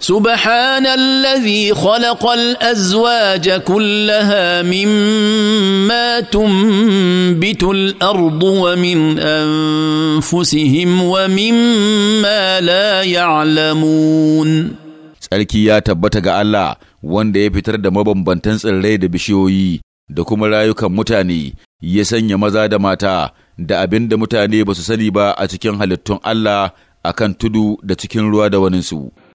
سبحان الذي خلق الازواج كلها مما تنبت الارض ومن انفسهم ومما لا يعلمون tsarki ya tabbata ga Allah wanda ya fitar da mabambantan tsirrai da bishiyoyi da kuma rayukan mutane ya sanya maza da mata da abin da mutane ba su sani ba a cikin halittun Allah a kan tudu da cikin ruwa da waninsu.